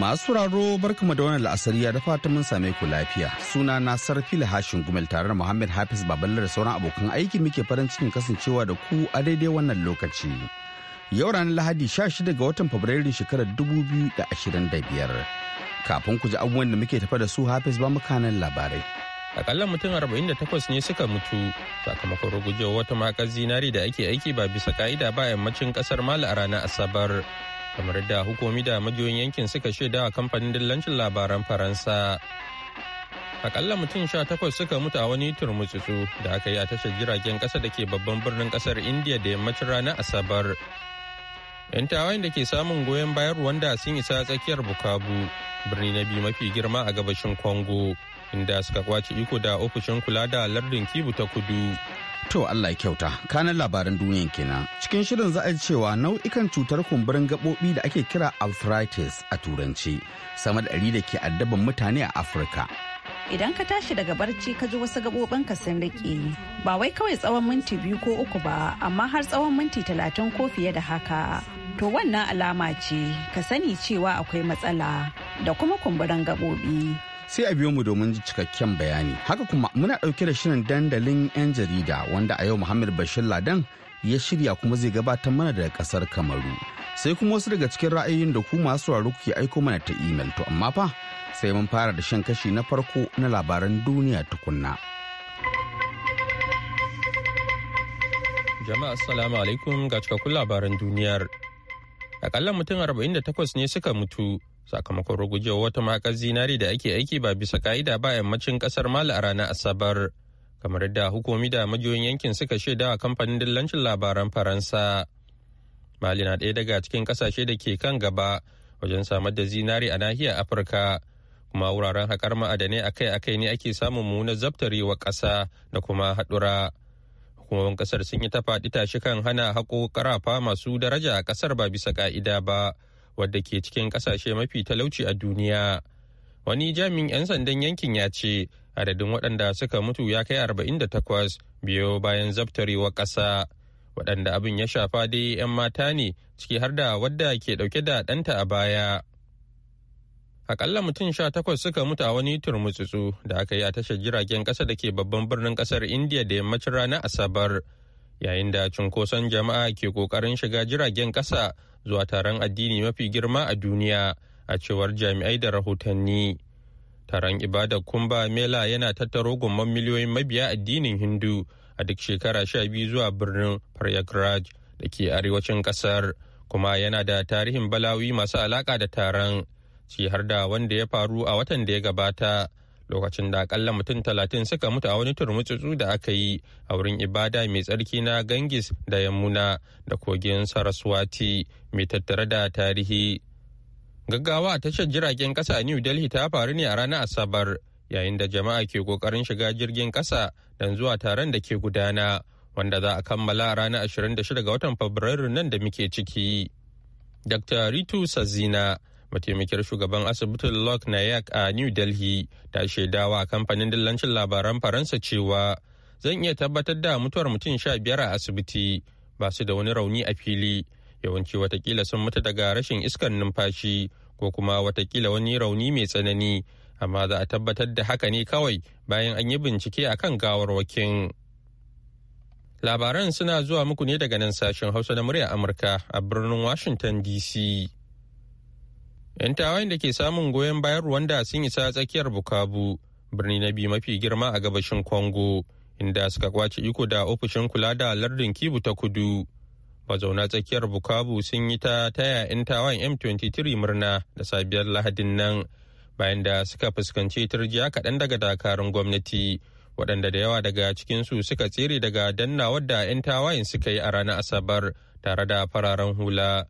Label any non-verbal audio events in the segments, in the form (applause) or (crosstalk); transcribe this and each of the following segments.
Masu sauraro barkama da wannan la'asariya da fatan mun same ku lafiya. Suna na Sarfila Hashin Gumel tare da Muhammad Hafiz Babalar da sauran abokan aiki muke farin cikin kasancewa da ku a daidai wannan lokaci. Yau ranar Lahadi 16 ga watan fabrairu shekarar 2025. Kafin ku ji abubuwan da muke tafa da su Hafiz ba mu kanan labarai. Akalla mutum 48 ne suka mutu sakamakon rugujewa wata makar zinari da ake aiki ba bisa ka'ida ba yammacin kasar Mali a ranar Asabar. kamar da hukumi da majiyoyin yankin suka shaida a kamfanin dillancin labaran faransa akalla mutum sha takwas suka mutu a wani turmutsutsu da aka yi a tashar jiragen kasa da ke babban birnin kasar india da yammacin ranar asabar yan tawayen da ke samun goyon bayan wanda sun isa tsakiyar bukabu birni na biyu mafi girma a gabashin congo inda suka kwace iko da ofishin kula da lardin kibu ta kudu To Allah kyauta, kanan labaran duniyan kenan. Cikin shirin za a cewa nau'ikan cutar kumburin gaɓoɓi da ake kira arthritis a turanci, sama da ɗari da ke addaban mutane a Afirka. Idan ka tashi daga barci ka ji wasu ka sun riƙe, ba wai kawai tsawon minti biyu ko uku ba, amma har tsawon minti talatin ko fiye da haka. To wannan alama ce, ka sani cewa akwai matsala da kuma kumburin gaɓoɓi. sai a biyo mu domin cikakken bayani haka kuma muna ɗauke da shirin dandalin 'yan jarida wanda a yau muhammad bashir ladan ya shirya kuma zai gabatar mana daga kasar kamaru sai kuma wasu daga cikin ra'ayoyin da ku masu sauraro kuke aiko mana ta imel to amma fa sai mun fara da shan kashi na farko na labaran duniya tukunna jama'a assalamu alaikum ga cikakkun labaran duniyar akalla mutum 48 ne suka mutu sakamakon rugujewa wata makar zinari da ake aiki ba bisa ka'ida ba yammacin kasar mali a ranar asabar kamar da hukumi da majiyoyin yankin suka shaida wa kamfanin dillancin labaran faransa mali na ɗaya daga cikin ƙasashe da ke kan gaba wajen samar da zinari a nahiyar afirka kuma wuraren haƙar ma'adanai akai-akai ne ake samun munar wa ƙasa da kuma haɗura hukumomin ƙasar sun yi ta faɗi tashi kan hana haƙo ƙarafa masu daraja a ƙasar ba bisa ka'ida ba wadda ke cikin kasashe mafi talauci a duniya wani jami'in 'yan sandan yankin ya ce adadin waɗanda suka mutu ya kai 48 biyo bayan zabtarewa ƙasa waɗanda abin ya shafa dai 'yan mata ne ciki har da wadda ke ɗauke da ɗanta a baya akalla mutum sha takwas suka mutu a wani turmutsutsu da aka yi a tashar jiragen ƙasa da ke babban birnin ƙasar indiya da yammacin ranar asabar yayin da cunkoson jama'a ke ƙoƙarin shiga jiragen ƙasa zuwa taron addini mafi girma a duniya a cewar jami'ai da rahotanni taron ibada kumba mela yana tattaro gomman miliyoyin mabiya addinin hindu a duk shekara sha biyu zuwa birnin paryagraj da ke arewacin kasar kuma yana da tarihin balawi masu alaƙa da taron ci har da wanda ya faru a watan da ya gabata lokacin da akalla mutum talatin suka mutu a wani turmutsutsu da aka yi a wurin ibada mai tsarki na gangis da yamuna da kogin saraswati mai tattare da tarihi gaggawa a tashar jiragen kasa a new delhi ta faru ne a ranar asabar yayin da jama'a ke kokarin shiga jirgin kasa don zuwa taron da ke gudana wanda za a kammala a ranar 26 ga watan fabrairu nan da muke ciki dr ritu sazina mataimakiyar shugaban asibitin lok nayak a new delhi ta shaidawa a kamfanin dillancin labaran faransa cewa zan iya tabbatar da mutuwar mutum sha biyar a asibiti ba su da wani rauni a fili yawanci watakila sun mutu daga rashin iskar numfashi ko kuma watakila wani rauni mai tsanani amma za a tabbatar da haka ne kawai bayan an yi bincike a kan gawarwakin labaran suna zuwa muku ne daga nan sashen hausa na murya amurka a birnin washington dc 'Yan tawayen da ke samun goyon bayan da sun isa tsakiyar bukabu birni na biyu mafi girma a gabashin Congo, inda suka kwace iko da ofishin kula da lardin kibu ta kudu. Mazauna tsakiyar bukabu sun yi ta taya 'yan tawayen M23 murna da sabiyar Lahadin nan, bayan da suka fuskanci turjiya kaɗan daga dakarun gwamnati, waɗanda da yawa daga cikinsu suka tsere daga danna da 'yan tawayen suka yi a ranar Asabar tare da fararen hula.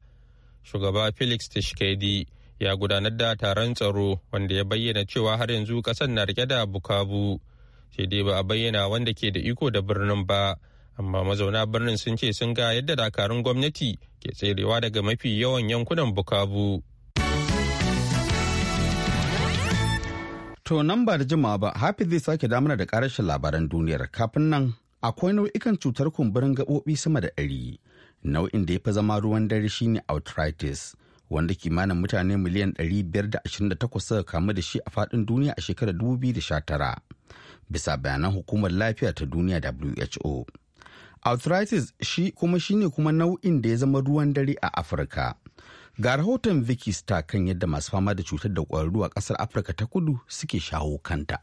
Shugaba Felix tishkedi ya gudanar da taron tsaro wanda ya bayyana cewa har yanzu kasar na rike da bukabu sai dai ba a bayyana wanda ke da iko da birnin ba amma mazauna birnin sun ce sun ga yadda dakarun gwamnati ke tserewa daga mafi yawan yankunan bukabu to nan ba da jimawa ba hafi zai sake damar da karashin labaran duniyar kafin nan akwai nau'ikan cutar kumburin gaɓoɓi sama da ɗari nau'in da ya fi zama ruwan dare shine arthritis wanda kimanin mutane miliyan 528 suka kamu da shi a fadin duniya a shekarar 2019 bisa bayanan hukumar lafiya ta duniya WHO. Arthritis shi kuma shine kuma nau'in da ya zama ruwan dare a Afirka. Ga rahoton Vicky Star kan yadda masu fama da cutar da ƙwararru a kasar Afirka ta kudu suke shawo kanta.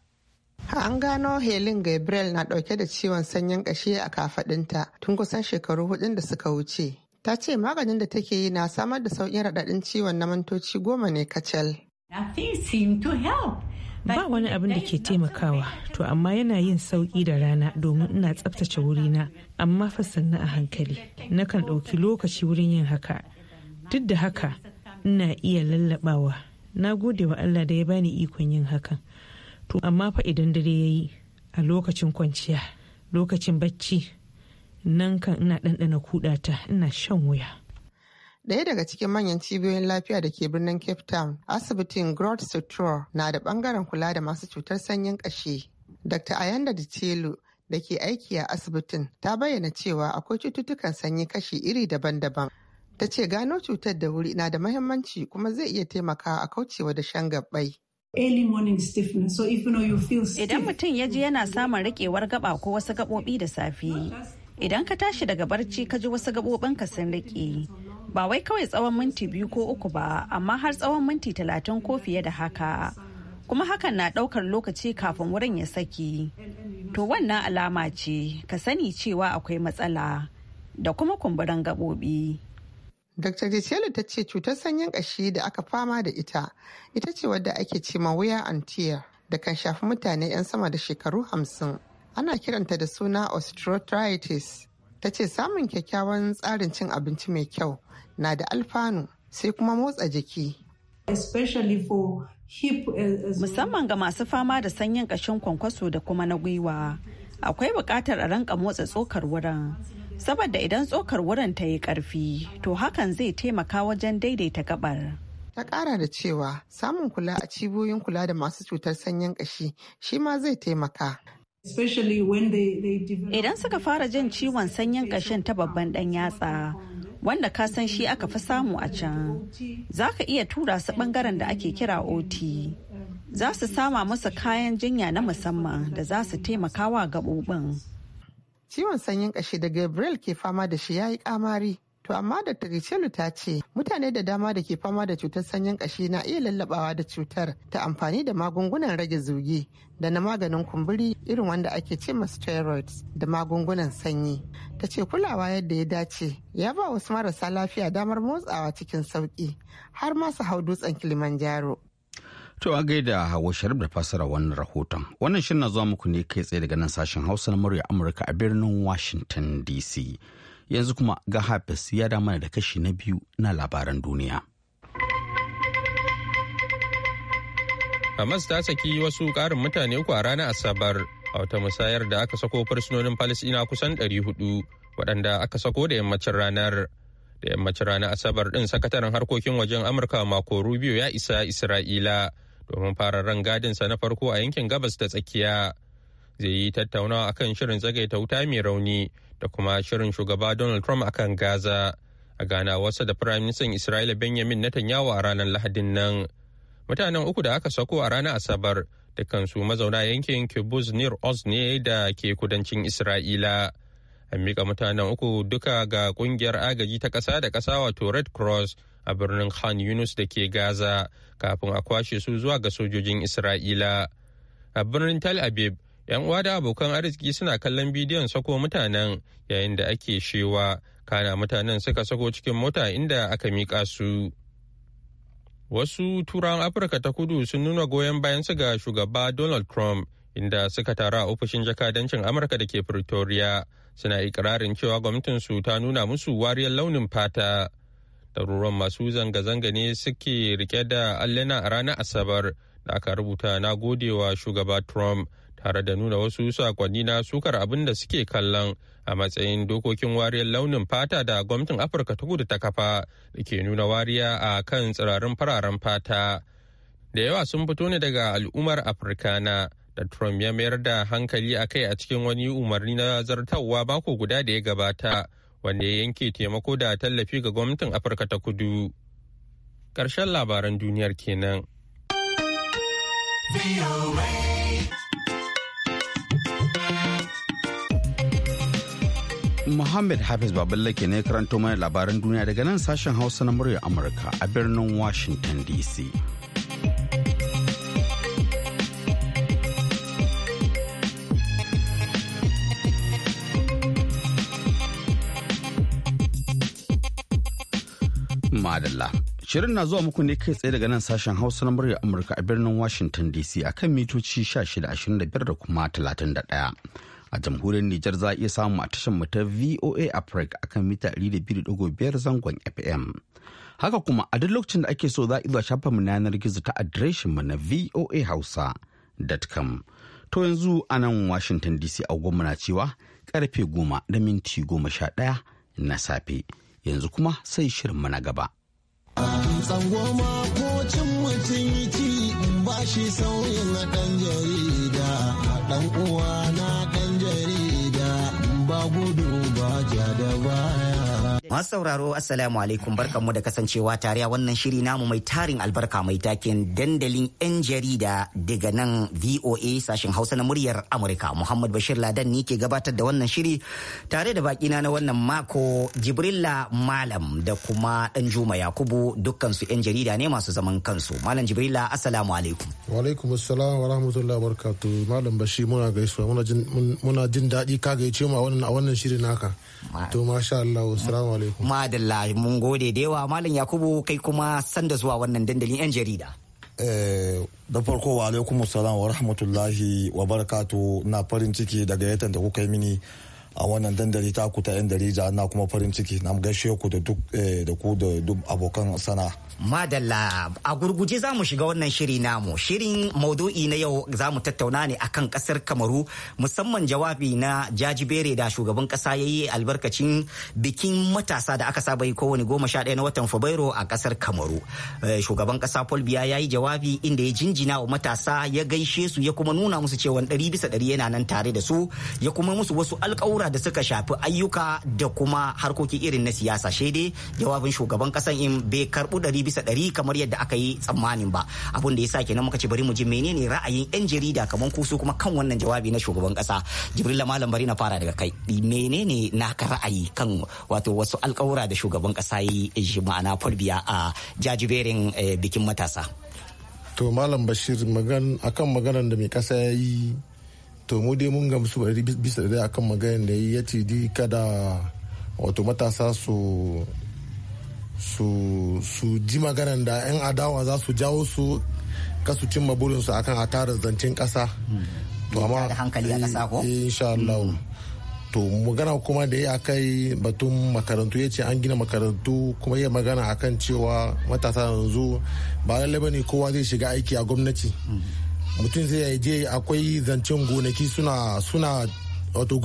An gano Helen Gabriel na dauke da ciwon sanyin kashi a kafadinta tun kusan shekaru hudun da suka wuce. ta ce maganin da take yi na samar da sauƙin raɗaɗin ciwon na mintoci goma ne kacal. Ba wani abin da ke taimakawa, to amma yana yin sauƙi da rana domin ina tsaftace wurina, amma fa sannu a hankali. Nakan ɗauki lokaci wurin yin haka. Duk da haka, ina iya lallaɓawa. Na gode wa Allah da ya bani ikon yin hakan. To amma fa idan dare ya yi, a lokacin kwanciya, lokacin bacci, nan kan ina ɗanɗana kuɗata ina shan wuya. ɗaya daga cikin manyan cibiyoyin lafiya da ke birnin Cape Town, asibitin Grot Suture na da ɓangaren kula da masu cutar sanyin ƙashi. Dr. Ayanda Dicelu da ke aiki a asibitin ta bayyana cewa akwai cututtukan sanyi kashi iri daban-daban. Ta ce gano cutar da wuri na da mahimmanci kuma zai iya taimakawa a kaucewa da shan gabbai. idan mutum ya ji yana samun riƙewar gaba ko wasu gaɓoɓi da safe idan ka tashi daga barci ka ji wasu gabobin ka sun riƙe ba wai kawai tsawon minti biyu ko uku ba amma har tsawon minti talatin ko fiye da haka kuma hakan na ɗaukar lokaci kafin wurin ya saki to wannan alama ce ka sani cewa akwai matsala da kuma kumburin gabobi. Dr. Gisela ta ce cutar sanyin ƙashi da aka fama da ita ita ce wadda ake ce ma wuya antiyar da kan shafi mutane 'yan sama da shekaru hamsin. ana kiranta da suna osteoarthritis ta ce samun kyakkyawan tsarin cin abinci mai kyau na da alfanu sai kuma motsa jiki eh, eh, musamman ga masu fama da sanyin ƙashin kwankwaso da kuma na gwiwa akwai buƙatar a ranka motsa tsokar wurin saboda idan tsokar wurin ta yi ƙarfi to hakan zai taimaka wajen daidaita gabar ta ƙara da cewa samun kula a cibiyoyin kula da masu cutar sanyin ƙashi shi ma zai taimaka Idan suka fara jin ciwon sanyin ƙashin ta babban ɗan yatsa, wanda ka san shi aka fi samu a can, za ka iya tura su ɓangaren da ake kira OT. Za su sama musu kayan jinya na musamman da za su taimakawa gaɓoɓin. Ciwon sanyin ƙashi da Gabriel ke fama da shi ya yi ƙamari. To amma da Tricelu ta ce mutane da dama da ke fama da cutar sanyin kashi na iya lallabawa da cutar ta amfani da magungunan rage zugi da na maganin kumburi irin wanda ake ce steroids da magungunan sanyi. Ta ce kulawa yadda ya dace ya ba wasu marasa lafiya damar motsawa cikin sauki har masu hau dutsen Kilimanjaro. To a gaida Hawa Sharif da fassara wannan rahoton. Wannan shirin na zuwa muku ne kai tsaye daga nan sashen Hausa na murya Amurka a birnin Washington DC. yanzu kuma ga hafiz ya da mana da kashi na biyu na labaran duniya hamas ta saki wasu ƙarin mutane uku a ranar asabar a wata musayar da aka sako fursunonin Falisina kusan 400 waɗanda aka sako da yammacin ranar da yammacin ranar asabar ɗin sakataren harkokin wajen amurka mako rubio ya isa isra'ila domin fara gadinsa na farko a yankin gabas da tsakiya zai yi tattaunawa akan shirin tsagaita wuta mai rauni da kuma shirin shugaba Donald Trump akan Gaza a gana wasa da Firaministan Isra'ila Benjamin Netanyahu a ranar Lahadin nan. Mutanen uku da aka sako a ranar Asabar su mazauna yankin Kibbutz Nir Oz ne da ke kudancin Isra'ila. An miƙa mutanen uku duka ga kungiyar agaji ta ƙasa da ƙasa wato Red Cross a birnin Khan Yunus da ke Gaza kafin a kwashe su zuwa ga sojojin Isra'ila. A birnin tal abib. 'Yan uwa da abokan arziki suna kallon bidiyon sako mutanen yayin da ake shewa, kana mutanen suka sako cikin mota inda aka miƙa su. Wasu turawan Afirka ta kudu sun nuna goyon bayan su ga shugaba Donald Trump inda suka taru a ofishin jakadancin Amurka da ke Pretoria suna ikirarin cewa gwamnatinsu ta nuna musu wariyar launin fata. Ɗaruruwan masu zanga-zanga ne suke rike da allena a ranar Asabar da aka rubuta na godewa shugaba Trump tare da nuna wasu sakonni na sukar abin da suke kallon a matsayin dokokin wariyar launin fata da gwamnatin afirka ta kudu ta kafa da ke nuna wariya a kan tsirarin fararen fata da yawa sun fito ne daga al'ummar afirkana da trump ya mayar da hankali a kai a cikin wani umarni na zartarwa mako guda da ya gabata wanda ya yanke taimako da tallafi ga gwamnatin afirka ta kudu karshen labaran duniyar kenan. Muhammad Hafiz Baballake ne karanto mana labaran duniya daga nan sashen Hausa na murya Amurka a birnin Washington DC. Madalla. Shirin na zuwa muku ne kai tsaye daga nan sashen Hausa na murya Amurka a birnin Washington DC akan mitoci 1625 da kuma 31. a jamhuriyar Nijar za a iya samu a tashar mu ta VOA Africa akan mita 200.5 zangon FM. Haka kuma a duk lokacin da ake so za a shafa mu yanar gizo ta adireshin mu na voahausa.com. To yanzu a nan Washington DC a na cewa karfe goma da minti goma sha ɗaya na safe. Yanzu kuma sai shirin mu na gaba. shi sauyin ɗan jarida ɗan uwana ba gudu ba ja da baya Masu sauraro Assalamu alaikum barkanmu da kasancewa tare a wannan shiri namu mai tarin albarka mai taken dandalin 'yan jarida daga nan VOA sashen Hausa na muryar Amurka. Muhammad Bashir Ladan ne ke gabatar da wannan shiri tare da bakina na wannan mako Jibrilla Malam da kuma juma Yakubu dukkansu 'yan jarida ne masu zaman kansu. Malam Jibrilla Assalamu alaikum. Wa alaikum assalam wa rahmatullahi wa barakatuh. Malam Bashir muna gaisuwa muna jin daɗi ka gaice mu a wannan shirin naka. To masha Allah, assalamu alaikum. Madalla mun gode da yawa Malam Yakubu kai kuma san da zuwa wannan dandalin 'yan jarida. Eh, da farko wa alaikum salam wa rahmatullahi wa barakatu na farin ciki daga yatan da kuka yi mini a wannan dandali ta ku ta yan darija. na kuma farin ciki na gaishe ku da duk eh, da ku da duk abokan sana. Madalla a gurguje za mu shiga wannan shiri namu shirin maudu'i na yau za mu tattauna ne akan kasar Kamaru musamman jawabi na jajibere da shugaban kasa ya yi albarkacin bikin matasa da aka saba yi kowane goma sha na watan Fabrairu a kasar Kamaru. Eh, shugaban kasa Paul Biya ya yi jawabi inda ya jinjina wa matasa ya gaishe su ya kuma nuna musu cewa ɗari bisa ɗari yana nan tare da su ya kuma musu wasu alƙawura da suka shafi ayyuka da kuma harkoki irin na siyasa shi dai jawabin shugaban kasan in bai karbu ɗari bisa ɗari kamar yadda aka yi tsammanin ba abun da ya sa kenan muka ce bari mu ji menene ra'ayin yan jarida kaman kusu kuma kan wannan jawabi na shugaban kasa jibrila malam bari na fara daga kai menene naka ra'ayi kan wato wasu alkawura da shugaban kasa yi shi ma'ana farbiya a jajiberin eh, bikin matasa to malam bashir akan maganar da mai kasa ya yi to mu dai mun gamsu bari bisa da akan maganin da ya ce di kada wato matasa su su su ji maganan da 'yan adawa za su jawo su kasu cimma burinsu akan a tara zancen kasa hmm. to amma hankali a kasa eh, ko eh, insha Allah hmm. to magana kuma da ya kai batun makarantu ya ce an gina makarantu kuma ya magana akan cewa matasa yanzu ba lallai bane kowa zai shiga aiki a gwamnati hmm. mutum zai je akwai zancen gonaki suna suna wato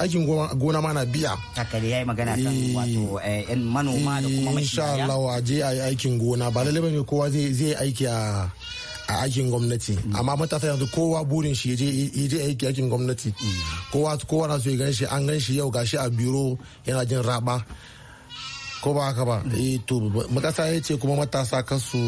aikin gona mana na biya haka ya yi magana kan wato yan manoma da kuma mashiya insha Allah waje ayi aikin gona ba lalle bane kowa zai zai aiki a a aikin gwamnati amma matasa yanzu kowa burin shi ya je aiki aikin gwamnati kowa kowa na so ya gan shi an gan shi yau gashi a biro yana jin raba ko ba haka ba eh to matasa ya kuma matasa kasu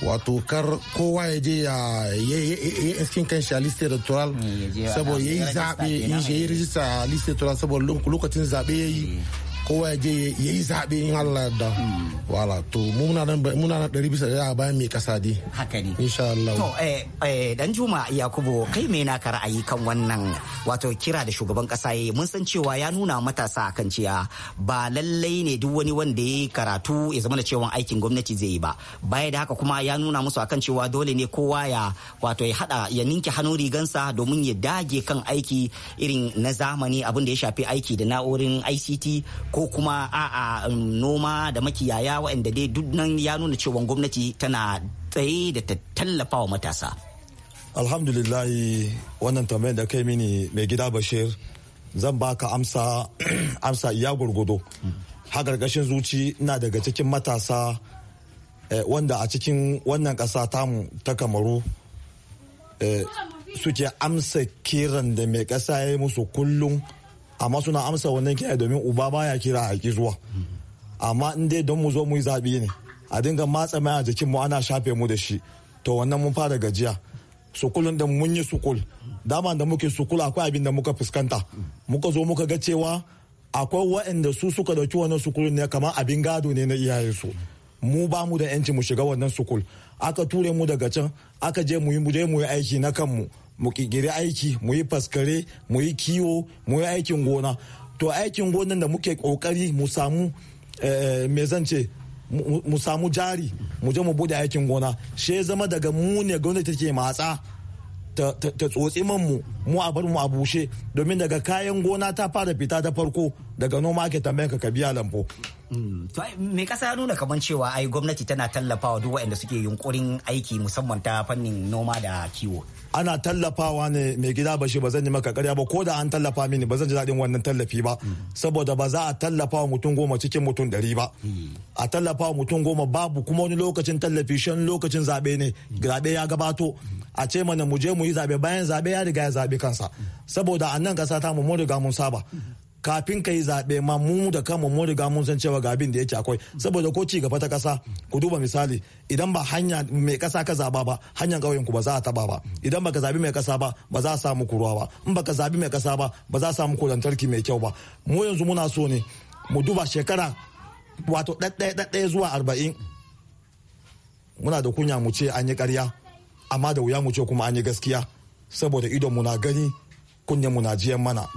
wato kar kowa ya je ya yi kan shi a liste electoral eh, saboda ya yi zaɓe ya yi rijista a liste electoral saboda lokacin zaɓe ya yi eh. kowa ya je ya yi zaɓe in Allah wala to muna nan muna nan ɗari bisa bayan mai kasa dai haka ne insha Allah to eh eh dan Juma Yakubu kai me naka ra'ayi kan wannan wato kira da shugaban kasa yayi mun san cewa ya nuna matasa kan cewa ba lallai ne duk wani wanda ya karatu ya zama da cewa aikin gwamnati zai yi ba baya da haka kuma ya nuna musu akan cewa dole ne kowa ya wato ya hada ya ninke hannun rigansa domin ya dage kan aiki irin na zamani abin da ya shafi aiki da na'urin ICT ko ko kuma a'a um, noma da makiyaya waɗanda dai duk nan ya nuna cewa gwamnati tana tsaye da ta tallafa wa matasa alhamdulillahi wannan tambayar da kai mini mai gida bashir zan baka amsa (clears throat) amsa iya gurgudo hmm. ha gargashin zuci na daga cikin matasa eh, wanda a cikin wannan ƙasa tamu ta kamaru eh, suke amsa kiran da mai ƙasa ya yi musu kullum amma suna amsa wannan kira domin uba baya kira a ki zuwa amma in dai don mu zo mu yi zaɓi ne a dinga matsa mai a jikin mu ana shafe mu da shi to wannan mun fara gajiya sukulun da mun yi sukul dama da muke sukul akwai abin da muka fuskanta muka zo muka ga cewa akwai waɗanda su suka dauki wannan sukulun ne kamar abin gado ne na iyayensu mu ba mu da yanci mu shiga wannan sukul aka ture mu daga can aka je mu yi je mu yi aiki na kanmu mu kigiri aiki mu yi faskare mu yi kiwo mu yi aikin gona to aikin gonan da muke kokari mu samu eh, me zance mu samu jari mu je mu bude aikin gona shi ya zama daga mu ne gwamnati take matsa ta tsotsi man mu a bar mu a bushe domin daga kayan gona ta fara fita ta farko daga noma ke tambayan ka biya lambu. Mm. me kasa nuna kamar cewa ai gwamnati tana tallafawa duk waɗanda suke yunkurin aiki musamman ta fannin noma da kiwo ana tallafawa ne mai gida bashi ba zan yi maka ƙarya ba ko da an tallafa mini ba zan ji daɗin wannan tallafi ba mm. saboda ba za a tallafa wa mutum goma cikin mutum ɗari ba mm. a tallafa mutum goma babu kuma wani lokacin tallafi shan lokacin zaɓe ne zaɓe ya gabato a ce mana mu je mu yi zaɓe bayan zaɓe ya riga ya zaɓe kansa saboda a nan ƙasa ta mu mun riga mun saba kafin ka yi zaɓe ma mu da kanmu mu riga mun san cewa ga abin da yake akwai saboda ko ci gaba ta kasa ku duba misali idan ba hanya mai ƙasa ka zaba ba hanyar ƙauyen ku ba za a taba ba idan ba ka zabi mai ƙasa ba ba za a samu kuruwa ba in ka zabi mai kasa ba ba za a samu ko mai kyau ba mu yanzu muna so ne mu duba shekara wato ɗaɗɗaya ɗaɗɗaya zuwa arba'in muna da kunya mu ce an yi ƙarya amma da wuya mu ce kuma an yi gaskiya saboda idon mu na gani kunyanmu na jiyan mana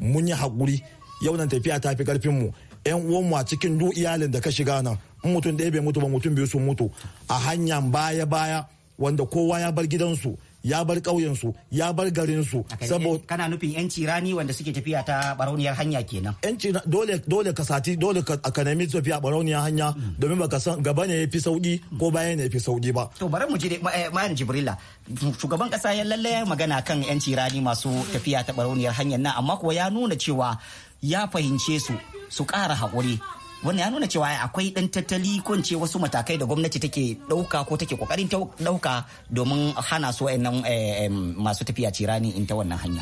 mun yi haƙuri yau nan tafiya ta fi karfin mu yan mu a cikin duk iyalin da ka shiga nan in mutum ɗaya bai mutu ba mutum biyu sun mutu a hanyar baya baya wanda kowa ya bar gidansu ya bar ƙauyensu ya bar garinsu saboda kana nufin yanci rani wanda suke tafiya ta barauniyar hanya kenan yanci dole dole ka sati dole ka nemi tafiya barauniyar hanya hmm. domin baka san gaba ne yafi sauki hmm. ko baya ne yafi sauki ba to bari mu je mayan eh, jibrila shugaban kasa ya lalle magana kan yanci rani masu tafiya ta barauniyar hanyar nan amma kuwa ya nuna cewa ya fahimce su su ƙara hakuri. wannan ya nuna cewa akwai dan tattali ko wasu matakai da gwamnati take dauka ko take kokarin dauka domin hana su wayannan eh, eh, masu tafiya tirani in ta wannan hanya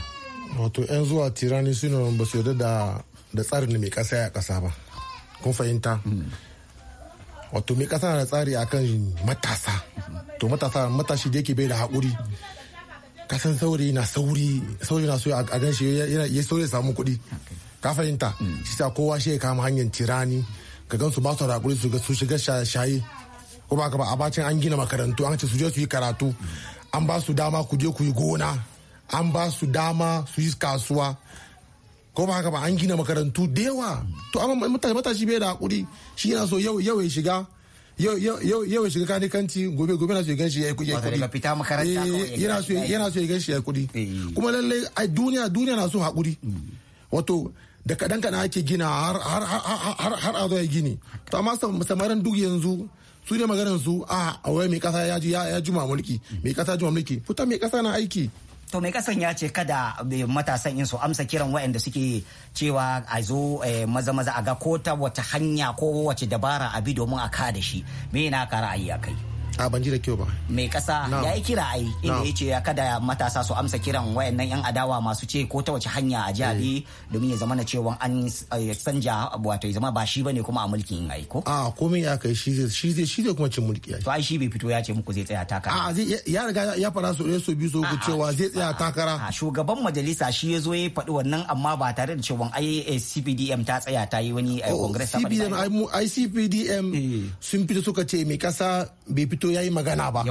wato yan zuwa tirani suna ba su yarda da da tsarin mai kasa ya kasa ba kun fahimta mm. wato mai kasa na tsari akan matasa to matasa matashi da yake bai da haƙuri kasan sauri na sauri sauri na so a gan shi ya sauri samu kuɗi ka fahimta mm. shi sa kowa shi ya kama hanyar tirani ka gansu ba su rakuri su su shiga shaye ko ba ka ba a bacin an gina makarantu an ce su je su yi karatu mm. an ba su dama ku je ku yi gona an ba su dama su yi kasuwa ko ba ka ba an gina makarantu da yawa mm. to amma matashi bai da hakuri shi yana so yau yau ya shiga yau yau shiga kani kanti gobe gobe na so ya ganshi ya kudi yana so ya ganshi ya kudi eh, eh. kuma lallai duniya duniya na so hakuri wato da kadan kana ake gina har a zo ya gini to amma samarin duk yanzu su ne maganar su a wai mai kasa ya juma mulki mai kasa juma mulki fita mai kasa na aiki to mai kasan ya ce kada eh, matasan in su amsa kiran waɗanda suke cewa a zo eh, maza maza a ga ko ta wata hanya ko wace dabara a bi domin a ka da shi me na ka ra'ayi a kai a ban ji da kyau ba mai kasa ya yi kira ai inda ya ce ya kada matasa su amsa kiran wayannan yan adawa masu ce ko ta wace hanya a jihar eh. domin ya zama na cewa an eh, sanja wato ya zama ba shi bane kuma a mulkin ai ko a komai ya kai shi zai shi zai shi zai kuma cin mulki to ai shi bai fito ya ce muku zai tsaya takara a zai ya riga ya fara so ne so biyu so ku cewa zai tsaya takara shugaban majalisa shi ya zo ya faɗi wannan amma ba tare da cewa ai eh, CPDM ta tsaya ta yi wani oh, congress ta CPDM ICPDM sun fito suka ce mai kasa bai fito fito ya yi magana ba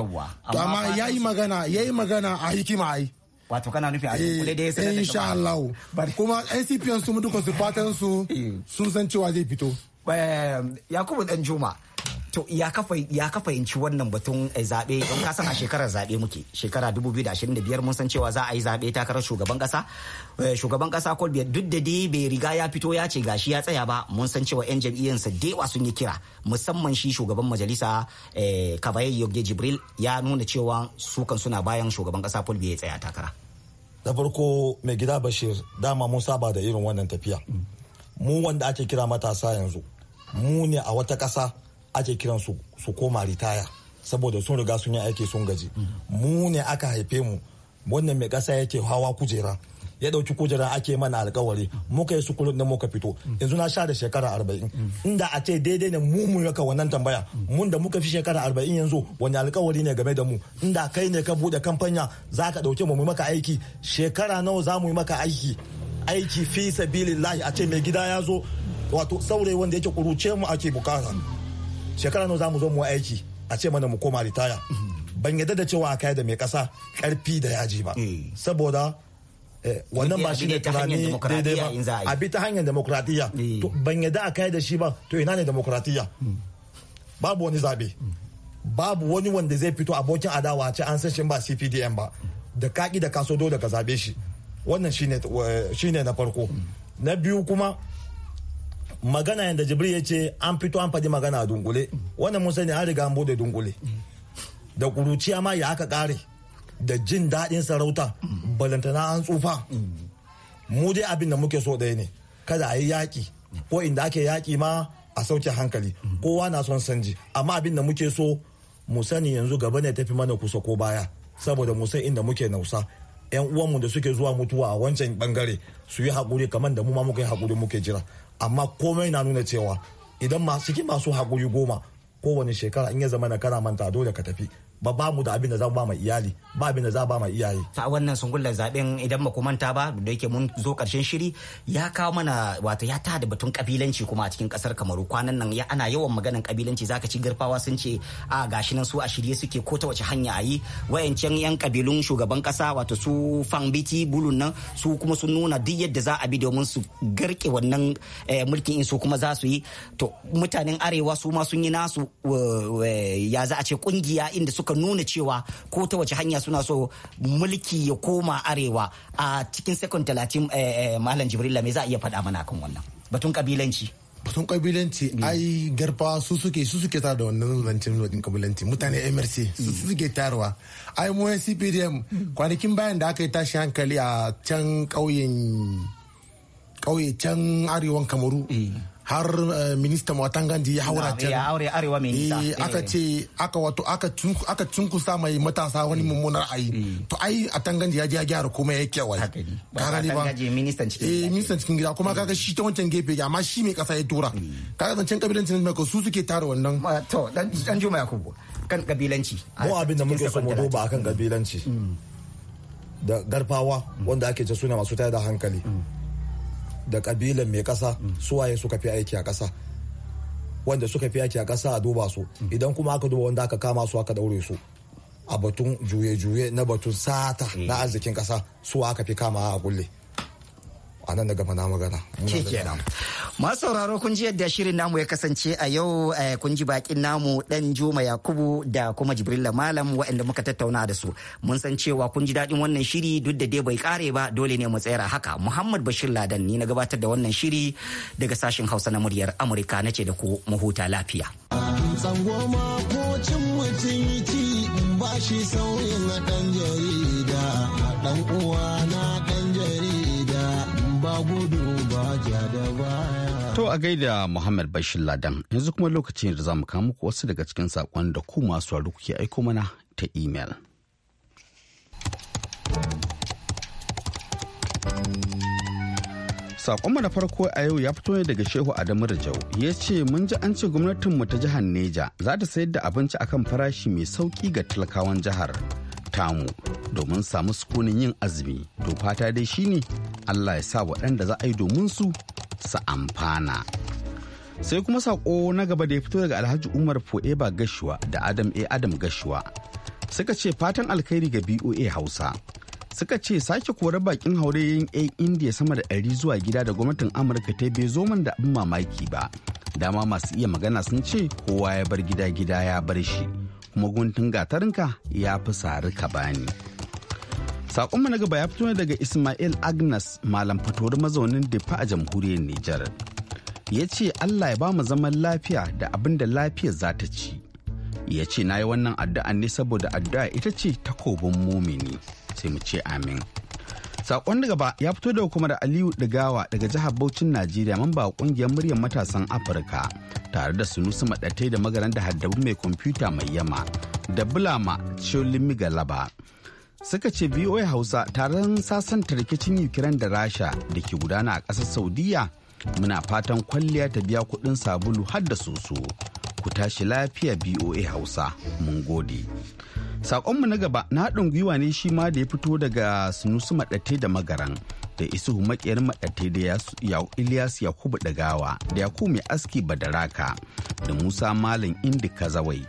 to amma ya yi magana ya yi magana a hikima ai wato kana nufi a eh, kule da ya sanar da insha Allah kuma NCP su duka su fatan su eh. sun san cewa zai fito eh, Yakubu Danjuma. to ya kafa ya kafa wannan batun eh, zabe don ka san a shekarar zabe muke shekara 2025 mun san cewa za a yi zabe takarar shugaban kasa eh, shugaban kasa Kolbiya duk da dai bai riga ya fito ya ce gashi ya tsaya ba mun san cewa yan jam'iyyarsa dewa sun yi kira musamman shi shugaban majalisa eh, Kabaye Yogge Jibril ya nuna cewa su kan suna bayan shugaban kasa Kolbiya ya tsaya takara da farko mai gida Bashir dama mun saba da irin wannan tafiya mm. mu wanda ake kira matasa yanzu mu ne a wata kasa. ake kiran su su koma ritaya saboda sun riga sun yi aiki sun gaji mu ne aka haife mu wannan mai kasa yake hawa kujera ya ɗauki kujera ake mana alkawari muka yi sukulun da muka fito yanzu na sha da shekara arba'in inda a ce daidai ne mu mu yaka wannan tambaya mun da muka fi shekara arba'in yanzu wani alkawari ne game da mu inda kai ne ka buɗe kamfanya za ka dauke mu mu maka aiki shekara nawa za mu yi maka aiki aiki fi sabilillahi a ce mai gida ya zo wato saurayi wanda yake kuruce mu ake bukata shekara nawa zamu zo mu aiki a ce mana mu koma ritaya ban yadda da cewa a kai da mai kasa karfi da yaji ba hmm. saboda eh, wannan ba shi ne tunani daidai ba a bi ta hanyar demokradiyya hmm. ban yadda a kai da shi ba to ina ne demokradiyya hmm. babu wani zabe babu wani wanda zai fito abokin adawa ce an san shi ba cpdm ba da kaki da kaso dole ka zabe shi wannan shine eh, na farko na biyu kuma magana yadda jibril ya ce an fito an faɗi magana a Dungule wannan mun sani an riga an bude Dungule da kuruciya ma ya aka ƙare da jin daɗin sarauta balantana an tsufa mu dai abin da muke so ɗaya ne kada a yi yaƙi ko inda ake yaƙi ma a sauke hankali kowa na son sanji amma abin da muke so mu sani yanzu gaba ne tafi mana kusa ko baya saboda mu san inda muke nausa yan uwanmu da suke zuwa mutuwa a wancan bangare su yi haƙuri kamar da mu ma muka yi haƙuri muke jira amma komai na nuna cewa idan ma cikin masu hakuri goma kowane shekara in ya zama na kana manta dole ka tafi ba ba mu da abin da za ba mai iyali ba abin da za ba mai iyaye ta wannan sungullar zaben idan ba ku manta ba da yake mun zo karshen shiri ya kawo mana wato ya tada batun kabilanci kuma a cikin kasar Kamaru kwanan nan ya ana yawan maganan kabilanci zaka ci garfawa sun ce a gashi nan su a shirye suke ko ta wace hanya a yi wayancan yan kabilun shugaban kasa wato su fan biti Bulun nan su kuma sun nuna duk yadda za a bi domin su garke wannan eh, mulkin in su kuma za su yi to mutanen arewa su ma sun yi nasu ya za a ce kungiya inda suka suka nuna cewa ko ta wace hanya suna so mulki ya koma arewa a cikin sekon talatin eh, eh, malam jibrila me za a iya faɗa mana kan wannan batun kabilanci batun kabilanci mm. ai garfa su suke su suke tara da wannan zancen wajen kabilanci mutane mm. mrc su mm. suke tarwa ai mu cpdm kwanakin bayan da aka yi tashi hankali a can kauyen kauye can arewan kamaru har eh, minista Mwatangandi ya haura can. Ya aure arewa mai nisa. Eh, aka eh. ce aka wato aka cunkusa mai matasa wani mummunar ayi. Mm. To ai a Tangandi ya je ya gyara komai ya kewaye. Ka gani ba. ministan cikin gida. Eh ministan cikin gida kuma kaga shi ta wancan gefe amma shi mai kasa ya tura. Mm. Kaga zancen kabilancin ne su suke tara wannan. To dan Juma Yakubu kan kabilanci. Mu abin da muke so mu duba akan kabilanci. Mm. Da garfawa wanda ake ce suna masu tayar da hankali. da kabilan mai kasa waye suka fi aiki a kasa wanda suka fi aiki a kasa a duba su idan kuma aka duba wanda aka kama su aka daure su a batun juye-juye na batun sata na mm. arzikin kasa su aka fi kama a kulle a nan daga fana magana. kenan. Masu sauraro kun ji yadda shirin namu ya kasance a yau eh, kun ji bakin namu dan Juma Yakubu da kuma Jibril Malam waɗanda muka tattauna da su. Mun san cewa kun ji daɗin wannan shiri duk da dai bai kare ba dole ne mu tsayar haka. Muhammad Bashir Ladan ni na gabatar da wannan shiri daga sashin Hausa na muryar Amurka ce da ku mu huta lafiya. ko cin ba shi sauyin ɗan jarida ɗan uwa na ba gudu ba baya. To a gaida Muhammad Bashir Ladan yanzu kuma lokacin da za mu kawo muku wasu daga cikin saƙon da ku masu wari kuke aiko mana ta imel. Saƙonmu na farko a yau ya fito ne daga Shehu Adamu Rajau ya ce mun ji an ce gwamnatinmu ta jihar Neja za ta sayar da abinci akan farashi mai sauƙi ga talakawan jihar. tamu domin samu sukunin yin azumi to fata dai shine Allah ya sa waɗanda za a yi domin su su amfana sai kuma saƙo na gaba da ya fito daga alhaji umar fo'eba gashuwa da adam a adam gashuwa suka ce fatan alkhairi ga boa hausa suka ce sake kore bakin haurayen 'yan indiya sama da ɗari zuwa gida da gwamnatin amurka ta bai zo man da abin mamaki ba dama masu iya magana sun ce kowa ya bar gida gida ya bar shi kuma guntun gatarinka ya fi sari ka bani. Sakonmu na gaba ya fito ne daga Ismail Agnes Malam Fatori mazaunin Defa a jamhuriyar Nijar. Ya ce Allah ya ba mu zaman lafiya da abin da lafiyar za ta ci. Ya ce na yi wannan addu'a ne saboda addu'a ita ce takobin mumini. Sai mu ce amin. Sakon gaba ya fito da hukumar Aliyu Digawa daga jihar Bauchin Najeriya mamba kungiyar muryar matasan Afirka tare da Sunusu Madatai da magaran da haddabu mai kwamfuta mai yama da Bulama Cholimi Galaba. Suka ce VOA Hausa tare da sasanta rikicin Ukraine da Rasha da ke gudana a ƙasar Saudiya muna fatan kwalliya ta biya kuɗin sabulu har da soso. Ku tashi lafiya voa Hausa, mun gode. Sakonmu na gaba na haɗin gwiwa ne shi ma da ya fito daga sunusu maɗate da magaran da isu makiyar maɗate da Ilyas Yakubu Dagawa da Yakubu mai aski Badaraka da Musa Malam Indi Kazawai.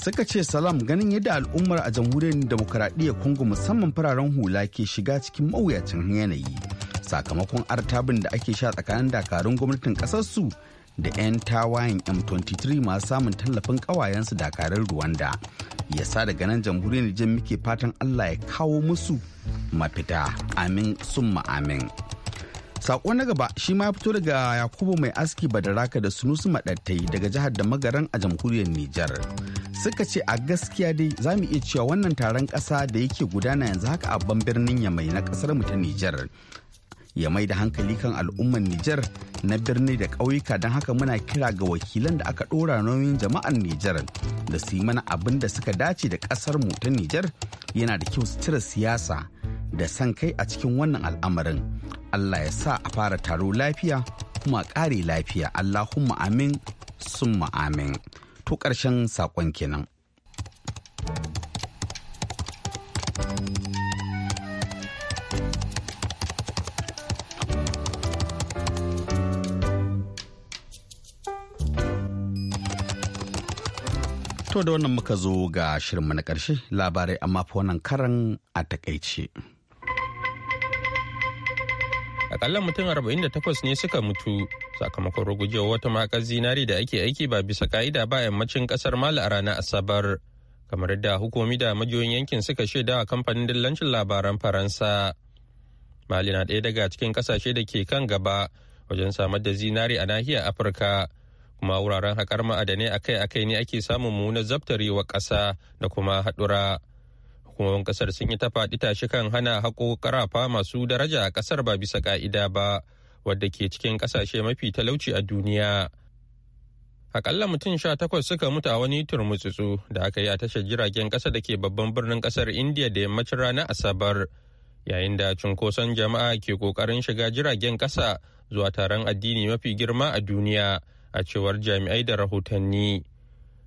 Suka ce salam ganin yadda al'ummar a jamhuriyar demokuraɗiyyar Congo musamman fararen hula ke shiga cikin mawuyacin yanayi sakamakon artabin da ake sha tsakanin dakarun gwamnatin ƙasarsu da 'yan tawayen m23 masu samun tallafin ƙawayensu dakarar rwanda yasa daga nan jamhuriyar Nijar muke fatan Allah ya kawo musu mafita amin summa amin. Sako na gaba shi ma fito daga Yakubu mai aski badaraka da sunusu maɗattai daga jihar da magaran a jamhuriyar Nijar. Suka ce a gaskiya dai za mu iya cewa wannan taron ƙasa da yake gudana yanzu haka a babban birnin Yamai na ƙasar mu ta Nijar ya mai da hankali kan al'ummar Nijar na birni da ƙauyuka don haka muna kira ga wakilan da aka ɗora nauyin jama'ar Nijar da su yi mana abin da suka dace da ƙasar mu ta Nijar yana da kyau su cire siyasa da san kai a cikin wannan al'amarin. Allah ya sa a fara taro lafiya kuma ƙare lafiya Allahumma amin summa amin. To ƙarshen saƙon kenan. To da wannan muka zo ga shirinmu na ƙarshe labarai amma fa wannan karan a takaice. Akalla mutum 48 ne suka mutu sakamakon rugujewa wata makar zinari da ake aiki ba bisa ka'ida ba yammacin kasar Mali a ranar Asabar. Kamar da hukumi da majiyoyin yankin suka shaida a kamfanin dillancin labaran Faransa. Mali na ɗaya daga cikin ƙasashe da ke kan gaba wajen samar da zinari a nahiyar Afirka. kuma wuraren haƙar ma'adanai akai-akai ne ake samun munar wa ƙasa da kuma haɗura. Hukumomin ƙasar sun yi ta faɗi tashi kan hana haƙo ƙarafa masu daraja a ƙasar ba bisa ƙa'ida ba, wadda ke cikin ƙasashe mafi talauci a duniya. Akalla mutum sha takwas suka mutu a wani turmutsutsu da aka yi a tashar jiragen ƙasa da ke babban birnin ƙasar Indiya da yammacin ranar Asabar, yayin da cunkoson jama'a ke ƙoƙarin shiga jiragen ƙasa zuwa taron addini mafi girma a duniya. a cewar jami'ai da rahotanni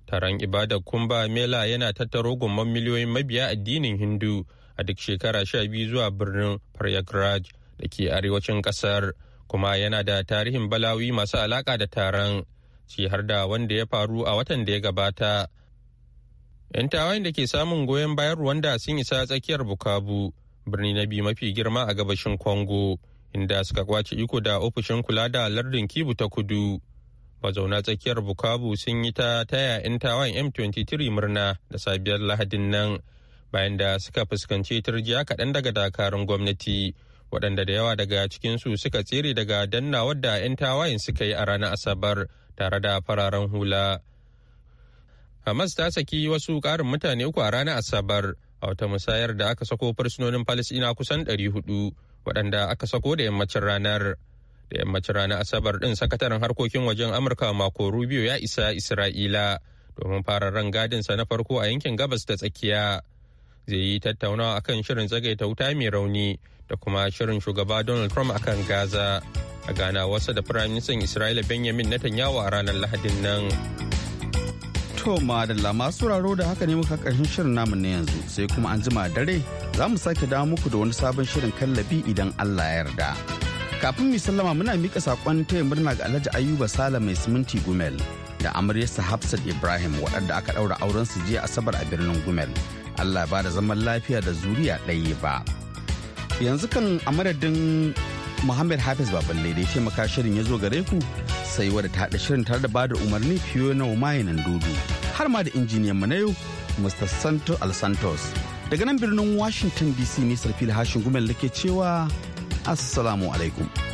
taron ibadar kumba mela yana tattaro gumman miliyoyin mabiya addinin hindu a duk shekara sha biyu zuwa birnin Prayagraj da ke arewacin kasar kuma yana da tarihin balawi masu alaka da taron ci har da wanda ya faru a watan da ya gabata. 'Yan tawayen da ke samun goyon bayan Rwanda sun isa tsakiyar bukabu birni na biyu mafi girma a gabashin Congo, inda suka kwace iko da ofishin kula da lardin Kibu ta kudu. mazauna tsakiyar bukabu sun yi ta taya 'yan tawan m23 murna da sabiyar lahadin nan bayan da suka fuskanci turjiya kaɗan daga dakarun gwamnati waɗanda da yawa daga cikinsu suka tsere daga danna wadda 'yan tawayen suka yi a ranar asabar tare da fararen hula hamas ta saki wasu ƙarin mutane uku a ranar asabar a wata musayar da aka sako fursunonin falisina kusan 400 waɗanda aka sako da yammacin ranar da yammacin ranar asabar din sakataren harkokin wajen amurka mako rubio ya isa isra'ila domin fara gadinsa na farko a yankin gabas da tsakiya zai yi tattaunawa akan shirin zagaita wuta mai rauni da kuma shirin shugaba donald trump akan gaza a gana wasa da firaministan isra'ila benjamin netanyahu a ranar lahadin nan to madalla masu raro da haka ne muka karshen shirin namu na yanzu sai kuma an jima dare za mu sake dawo muku da wani sabon shirin kallabi idan allah ya yarda kafin mu sallama muna mika sakon taya murna ga Alhaji Ayuba Sala mai siminti Gumel da amaryarsa Hafsat Ibrahim waɗanda aka ɗaura auren su jiya Asabar a birnin Gumel. Allah ba da zaman lafiya da zuriya ɗaya ba. Yanzu kan a madadin Muhammad Hafiz Baballe da ya taimaka shirin ya zo gare ku sai wadda ta haɗa shirin tare da ba da umarni fiye na nan dudu har ma da injiniyan mu na yau Mr. Santo Al Santos. Daga nan birnin Washington DC ne Sarfil Hashin Gumel da ke cewa السلام عليكم